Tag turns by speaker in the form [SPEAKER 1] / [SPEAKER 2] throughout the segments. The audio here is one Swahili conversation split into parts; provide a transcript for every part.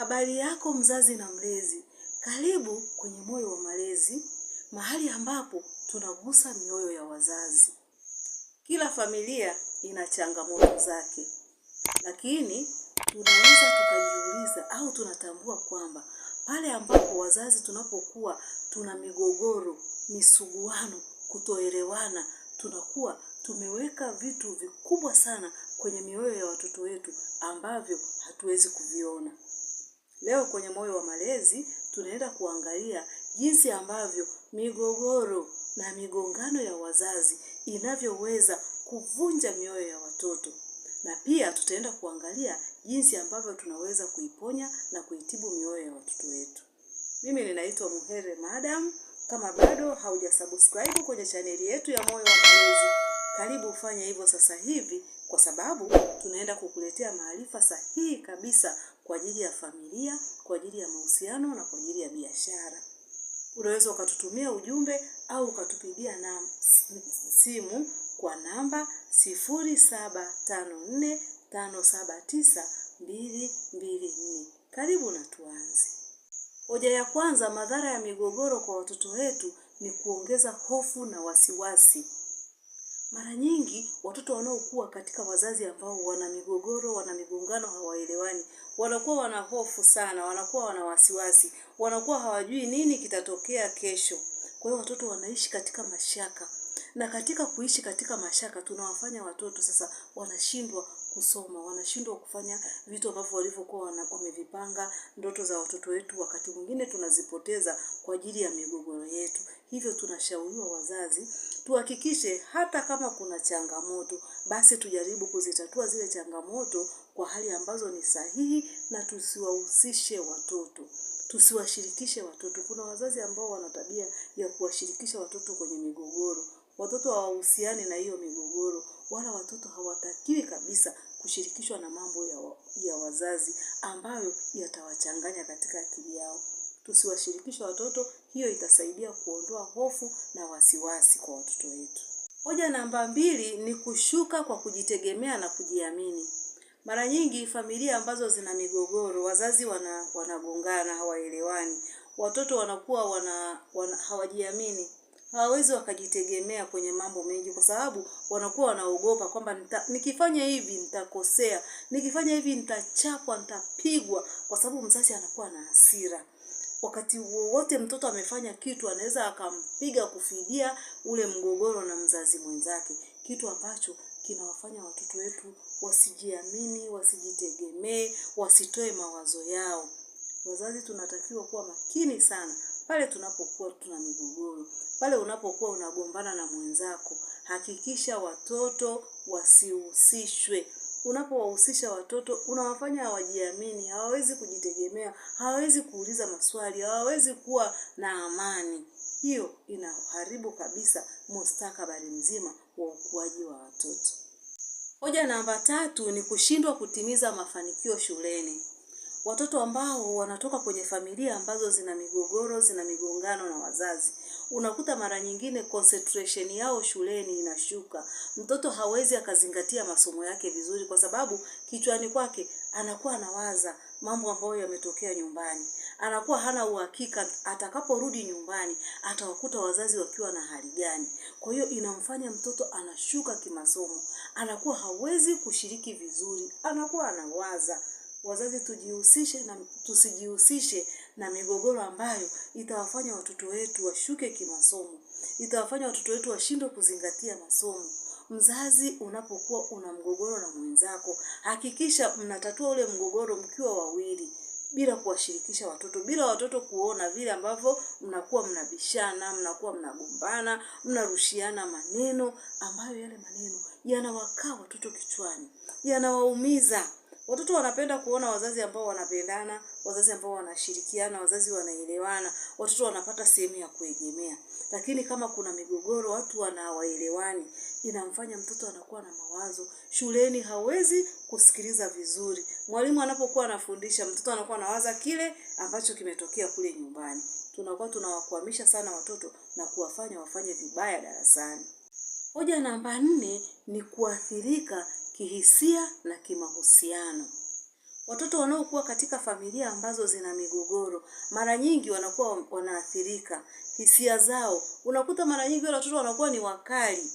[SPEAKER 1] Habari yako mzazi na mlezi, karibu kwenye Moyo wa Malezi, mahali ambapo tunagusa mioyo ya wazazi. Kila familia ina changamoto zake, lakini tunaweza tukajiuliza au tunatambua kwamba pale ambapo wazazi tunapokuwa tuna migogoro, misuguano, kutoelewana, tunakuwa tumeweka vitu vikubwa sana kwenye mioyo ya watoto wetu ambavyo hatuwezi kuviona. Leo kwenye Moyo wa Malezi tunaenda kuangalia jinsi ambavyo migogoro na migongano ya wazazi inavyoweza kuvunja mioyo ya watoto, na pia tutaenda kuangalia jinsi ambavyo tunaweza kuiponya na kuitibu mioyo ya watoto wetu. Mimi ninaitwa Muhere Madam. Kama bado hauja subscribe kwenye chaneli yetu ya Moyo wa Malezi, karibu ufanye hivyo sasa hivi kwa sababu tunaenda kukuletea maarifa sahihi kabisa kwa ajili ya familia, kwa ajili ya mahusiano na kwa ajili ya biashara. Unaweza ukatutumia ujumbe au ukatupigia na simu kwa namba sifuri Karibu na tuanze. Hoja ya kwanza, madhara ya migogoro kwa watoto wetu ni kuongeza hofu na wasiwasi. Mara nyingi watoto wanaokuwa katika wazazi ambao wana migogoro, wana migongano, hawaelewani, wanakuwa wana hofu sana, wanakuwa wana wasiwasi, wanakuwa hawajui nini kitatokea kesho. Kwa hiyo watoto wanaishi katika mashaka, na katika kuishi katika mashaka tunawafanya watoto sasa wanashindwa kusoma, wanashindwa kufanya vitu ambavyo walivyokuwa wamevipanga. Ndoto za watoto wetu wakati mwingine tunazipoteza kwa ajili ya migogoro yetu. Hivyo tunashauriwa wazazi, tuhakikishe hata kama kuna changamoto, basi tujaribu kuzitatua zile changamoto kwa hali ambazo ni sahihi, na tusiwahusishe watoto tusiwashirikishe watoto. Kuna wazazi ambao wana tabia ya kuwashirikisha watoto kwenye migogoro. Watoto hawahusiani na hiyo migogoro, wala watoto hawatakiwi kabisa kushirikishwa na mambo ya, wa, ya wazazi ambayo yatawachanganya katika akili yao. Tusiwashirikishe watoto, hiyo itasaidia kuondoa hofu na wasiwasi kwa watoto wetu. Hoja namba mbili ni kushuka kwa kujitegemea na kujiamini. Mara nyingi familia ambazo zina migogoro, wazazi wanagongana, wana hawaelewani, watoto wanakuwa wana, wana, hawajiamini hawawezi wakajitegemea kwenye mambo mengi, kwa sababu wanakuwa wanaogopa kwamba nikifanya hivi nitakosea, nikifanya hivi nitachapwa, nitapigwa, kwa sababu mzazi anakuwa na hasira wakati wowote mtoto amefanya kitu anaweza akampiga kufidia ule mgogoro na mzazi mwenzake, kitu ambacho kinawafanya watoto wetu wasijiamini, wasijitegemee, wasitoe mawazo yao. Wazazi tunatakiwa kuwa makini sana pale tunapokuwa tuna migogoro, pale unapokuwa unagombana na mwenzako, hakikisha watoto wasihusishwe. Unapowahusisha watoto unawafanya hawajiamini, hawawezi kujitegemea, hawawezi kuuliza maswali, hawawezi kuwa na amani. Hiyo inaharibu kabisa mustakabali mzima wa ukuaji wa watoto. Hoja namba tatu ni kushindwa kutimiza mafanikio shuleni watoto ambao wanatoka kwenye familia ambazo zina migogoro, zina migongano na wazazi, unakuta mara nyingine concentration yao shuleni inashuka. Mtoto hawezi akazingatia masomo yake vizuri, kwa sababu kichwani kwake anakuwa anawaza mambo ambayo yametokea nyumbani. Anakuwa hana uhakika atakaporudi nyumbani atawakuta wazazi wakiwa na hali gani. Kwa hiyo inamfanya mtoto anashuka kimasomo, anakuwa hawezi kushiriki vizuri, anakuwa anawaza wazazi tujihusishe na tusijihusishe na migogoro ambayo itawafanya watoto wetu washuke kimasomo, itawafanya watoto wetu washindwe kuzingatia masomo. Mzazi, unapokuwa una mgogoro na mwenzako, hakikisha mnatatua ule mgogoro mkiwa wawili bila kuwashirikisha watoto, bila watoto kuona vile ambavyo mnakuwa mnabishana, mnakuwa mnagombana, mnarushiana maneno ambayo yale maneno yanawakaa watoto kichwani, yanawaumiza. Watoto wanapenda kuona wazazi ambao wanapendana, wazazi ambao wanashirikiana, wazazi wanaelewana, watoto wanapata sehemu ya kuegemea. Lakini kama kuna migogoro, watu wanawaelewani, inamfanya mtoto anakuwa na mawazo. Shuleni hawezi kusikiliza vizuri. Mwalimu anapokuwa anafundisha, mtoto anakuwa anawaza kile ambacho kimetokea kule nyumbani. Tunakuwa tunawakwamisha sana watoto na kuwafanya wafanye vibaya darasani. Hoja namba nne ni kuathirika kihisia na kimahusiano. Watoto wanaokuwa katika familia ambazo zina migogoro mara nyingi wanakuwa wanaathirika hisia zao. Unakuta mara nyingi wale watoto wanakuwa ni wakali,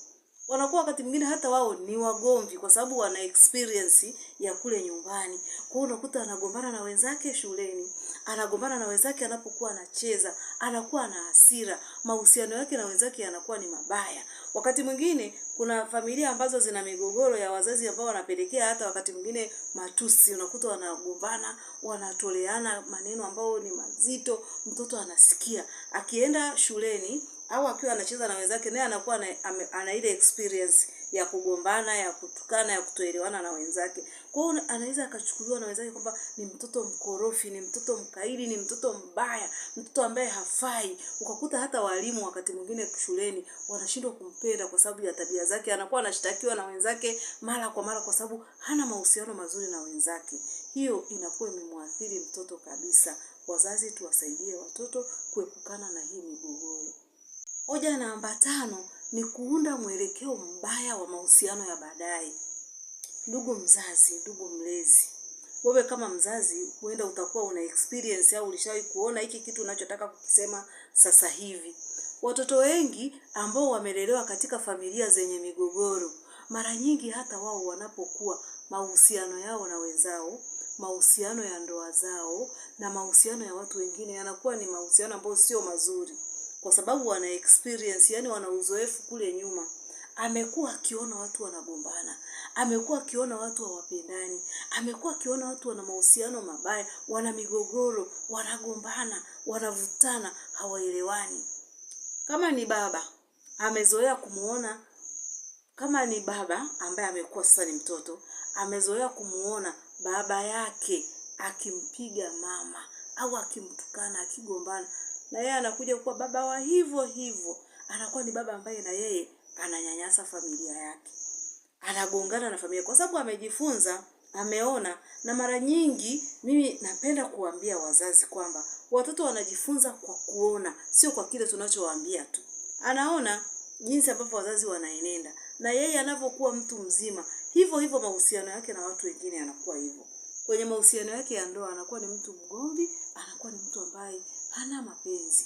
[SPEAKER 1] wanakuwa wakati mwingine hata wao ni wagomvi, kwa sababu wana experience ya kule nyumbani. Kwa hiyo unakuta anagombana na wenzake shuleni, anagombana na wenzake anapokuwa anacheza, anakuwa na hasira, mahusiano yake na wenzake yanakuwa ni mabaya. Wakati mwingine kuna familia ambazo zina migogoro ya wazazi ambao wanapelekea hata wakati mwingine matusi, unakuta wanagombana, wanatoleana maneno ambayo ni mazito, mtoto anasikia. Akienda shuleni au akiwa anacheza na wenzake, naye anakuwa ana, ana ile experience ya kugombana, ya kutukana, ya kutoelewana na wenzake. Kwa hiyo anaweza akachukuliwa na wenzake kwamba ni mtoto mkorofi, ni mtoto mkaidi, ni mtoto mbaya, mtoto ambaye hafai. Ukakuta hata walimu wakati mwingine shuleni wanashindwa kumpenda kwa sababu ya tabia zake, anakuwa anashtakiwa na wenzake mara kwa mara kwa sababu hana mahusiano mazuri na wenzake. Hiyo inakuwa imemwathiri mtoto kabisa. Wazazi tuwasaidie watoto kuepukana na hii migogoro. Hoja namba tano, ni kuunda mwelekeo mbaya wa mahusiano ya baadaye. Ndugu mzazi, ndugu mlezi, wewe kama mzazi huenda utakuwa una experience au ulishawahi kuona hiki kitu unachotaka kukisema sasa hivi. Watoto wengi ambao wamelelewa katika familia zenye migogoro, mara nyingi hata wao wanapokuwa, mahusiano yao na wenzao, mahusiano ya ndoa zao na mahusiano ya watu wengine yanakuwa ni mahusiano ambayo sio mazuri kwa sababu wana experience, yani wana uzoefu kule nyuma. Amekuwa akiona watu wanagombana, amekuwa akiona watu hawapendani, amekuwa akiona watu wana mahusiano mabaya, wana migogoro, wanagombana, wanavutana, hawaelewani. Kama ni baba, amezoea kumuona kama ni baba ambaye amekuwa sasa ni mtoto, amezoea kumuona baba yake akimpiga mama au akimtukana, akigombana na yeye anakuja kuwa baba wa hivyo hivyo, anakuwa ni baba ambaye na yeye ananyanyasa familia yake, anagongana na familia, kwa sababu amejifunza, ameona. Na mara nyingi mimi napenda kuambia wazazi kwamba watoto wanajifunza kwa kuona, sio kwa kile tunachowaambia tu. Anaona jinsi ambavyo wazazi wanaenenda, na yeye anavyokuwa mtu mzima, hivyo hivyo mahusiano yake na watu wengine yanakuwa hivyo. Kwenye mahusiano yake ya ndoa, anakuwa ni mtu mgomvi, anakuwa ni mtu ambaye hana mapenzi,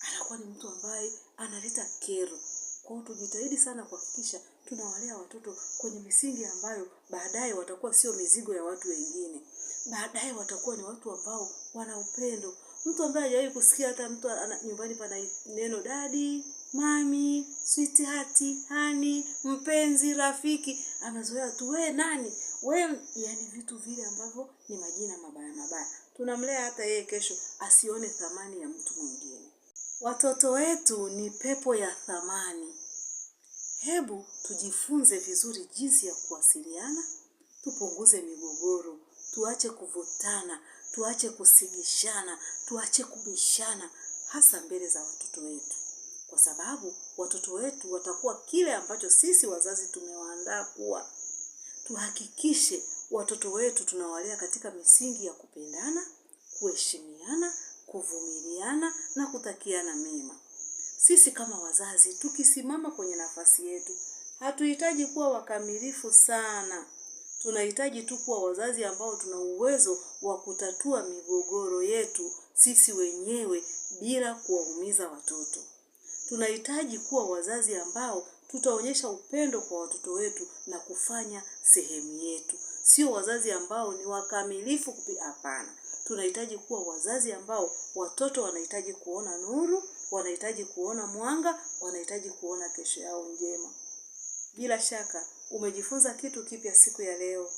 [SPEAKER 1] anakuwa ni mtu ambaye analeta kero. Kwa hiyo tujitahidi sana kuhakikisha tunawalea watoto kwenye misingi ambayo baadaye watakuwa sio mizigo ya watu wengine, baadaye watakuwa ni watu ambao wana upendo. Mtu ambaye hajawahi kusikia hata mtu ana, nyumbani pana neno dadi, mami, sweetheart, hani, mpenzi, rafiki, amezoea tu wewe nani wewe, yani vitu vile ambavyo ni majina mabaya mabaya, tunamlea hata yeye kesho asione thamani ya mtu mwingine. Watoto wetu ni pepo ya thamani. Hebu tujifunze vizuri jinsi ya kuwasiliana, tupunguze migogoro, tuache kuvutana, tuache kusigishana, tuache kubishana, hasa mbele za watoto wetu, kwa sababu watoto wetu watakuwa kile ambacho sisi wazazi tumewaandaa kuwa tuhakikishe watoto wetu tunawalea katika misingi ya kupendana, kuheshimiana, kuvumiliana na kutakiana mema. Sisi kama wazazi tukisimama kwenye nafasi yetu, hatuhitaji kuwa wakamilifu sana. Tunahitaji tu kuwa wazazi ambao tuna uwezo wa kutatua migogoro yetu sisi wenyewe bila kuwaumiza watoto. Tunahitaji kuwa wazazi ambao tutaonyesha upendo kwa watoto wetu na kufanya sehemu yetu. Sio wazazi ambao ni wakamilifu kupi, hapana. Tunahitaji kuwa wazazi ambao watoto wanahitaji kuona nuru, wanahitaji kuona mwanga, wanahitaji kuona kesho yao njema. Bila shaka umejifunza kitu kipya siku ya leo.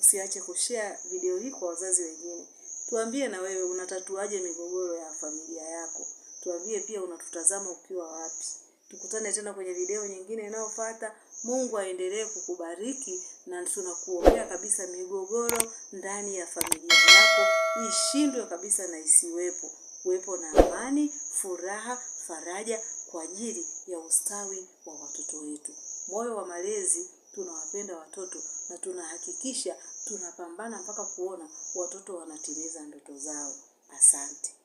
[SPEAKER 1] Usiache kushare video hii kwa wazazi wengine. Tuambie na wewe unatatuaje migogoro ya familia yako. Tuambie pia unatutazama ukiwa wapi. Tukutane tena kwenye video nyingine inayofuata. Mungu aendelee kukubariki, na tunakuombea kabisa migogoro ndani ya familia yako ishindwe kabisa na isiwepo. Kuwepo na amani, furaha, faraja kwa ajili ya ustawi wa watoto wetu. Moyo wa Malezi tunawapenda watoto na tunahakikisha tunapambana mpaka kuona watoto wanatimiza ndoto zao. Asante.